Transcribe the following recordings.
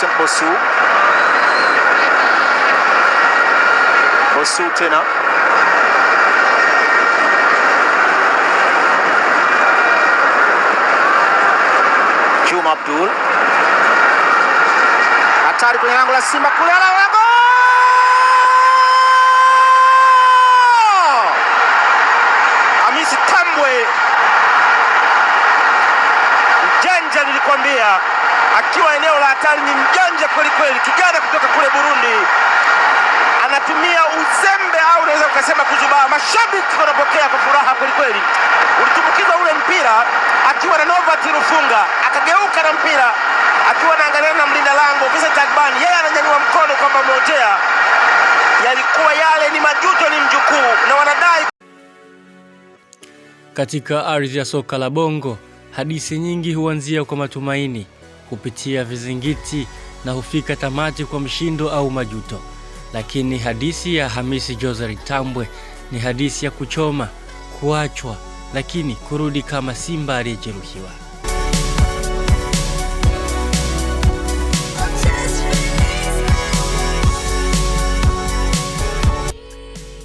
Vincent Bosu. Bosu tena Juma Abdul, hatari kwenye lango la Simba kule, ala lango Hamisi Tambwe, mjanja nilikwambia akiwa eneo la hatari. Ni mjanja kwelikweli, kijana kutoka kule Burundi anatumia uzembe au unaweza ukasema kuzubaa. Mashabiki wanapokea kwa furaha kwelikweli. Ulitumbukiza ule mpira akiwa na Novat Rufunga, akageuka na mpira akiwa anaangalia na mlinda lango Vincent Agbani, yeye ananyanyua mkono kwamba umeotea. Yalikuwa yale ni majuto, ni mjukuu na wanadai. Katika ardhi ya soka la Bongo, hadithi nyingi huanzia kwa matumaini kupitia vizingiti na hufika tamati kwa mshindo au majuto. Lakini hadithi ya Hamisi Josari Tambwe ni hadithi ya kuchoma, kuachwa, lakini kurudi kama simba aliyejeruhiwa.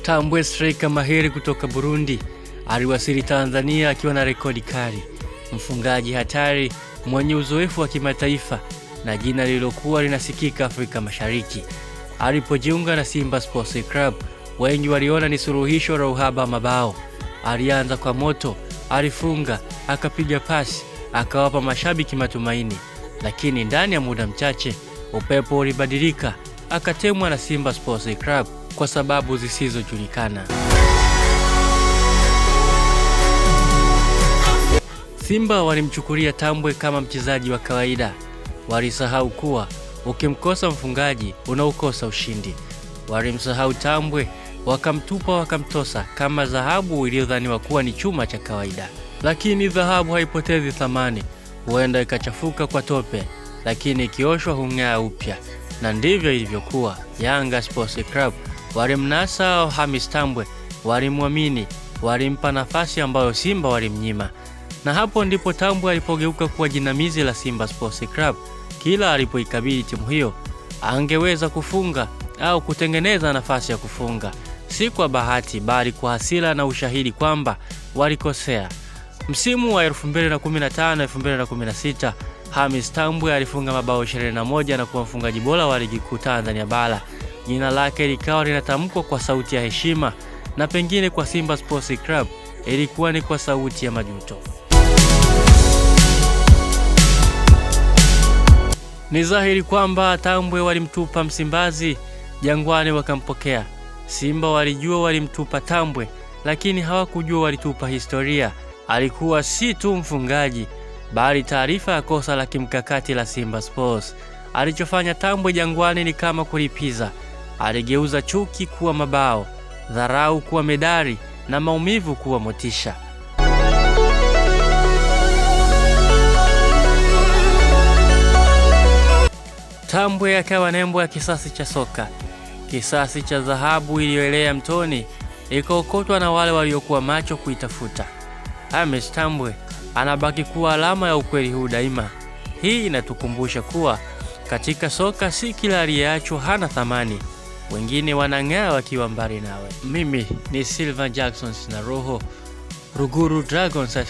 Tambwe striker mahiri kutoka Burundi aliwasili Tanzania akiwa na rekodi kali, mfungaji hatari mwenye uzoefu wa kimataifa na jina lililokuwa linasikika Afrika Mashariki. Alipojiunga na Simba Sports Club, wengi waliona ni suluhisho la uhaba wa mabao. Alianza kwa moto, alifunga, akapiga pasi, akawapa mashabiki matumaini, lakini ndani ya muda mchache upepo ulibadilika, akatemwa na Simba Sports Club kwa sababu zisizojulikana. Simba walimchukulia Tambwe kama mchezaji wa kawaida. Walisahau kuwa ukimkosa mfungaji unaukosa ushindi. Walimsahau Tambwe, wakamtupa wakamtosa kama dhahabu iliyodhaniwa kuwa ni chuma cha kawaida. Lakini dhahabu haipotezi thamani, huenda ikachafuka kwa tope, lakini ikioshwa hung'aa upya. Na ndivyo ilivyokuwa. Yanga Sports Club walimnasa Hamis Tambwe, walimwamini, walimpa nafasi ambayo Simba walimnyima na hapo ndipo Tambwe alipogeuka kuwa jinamizi la Simba Sports Club. Kila alipoikabili timu hiyo angeweza kufunga au kutengeneza nafasi ya kufunga, si kwa bahati bali kwa hasira na ushahidi kwamba walikosea. Msimu wa 2015 2016 Hamis Tambwe alifunga mabao 21 na kuwa mfungaji bora wa ligi kuu Tanzania Bara. Jina lake likawa linatamkwa kwa sauti ya heshima, na pengine kwa Simba Sports Club ilikuwa ni kwa sauti ya majuto. Ni dhahiri kwamba Tambwe walimtupa Msimbazi, Jangwani wakampokea. Simba walijua walimtupa Tambwe, lakini hawakujua walitupa historia. Alikuwa si tu mfungaji, bali taarifa ya kosa la kimkakati la Simba Sports. Alichofanya Tambwe Jangwani ni kama kulipiza. Aligeuza chuki kuwa mabao, dharau kuwa medali na maumivu kuwa motisha. Tambwe akawa nembo ya kisasi cha soka. Kisasi cha dhahabu iliyoelea mtoni ikaokotwa na wale waliokuwa macho kuitafuta. ames Tambwe anabaki kuwa alama ya ukweli huu daima. Hii inatukumbusha kuwa katika soka si kila aliyeachwa hana thamani, wengine wanang'aa wakiwa mbali nawe. Mimi ni Silva Jackson na roho Ruguru Dragons at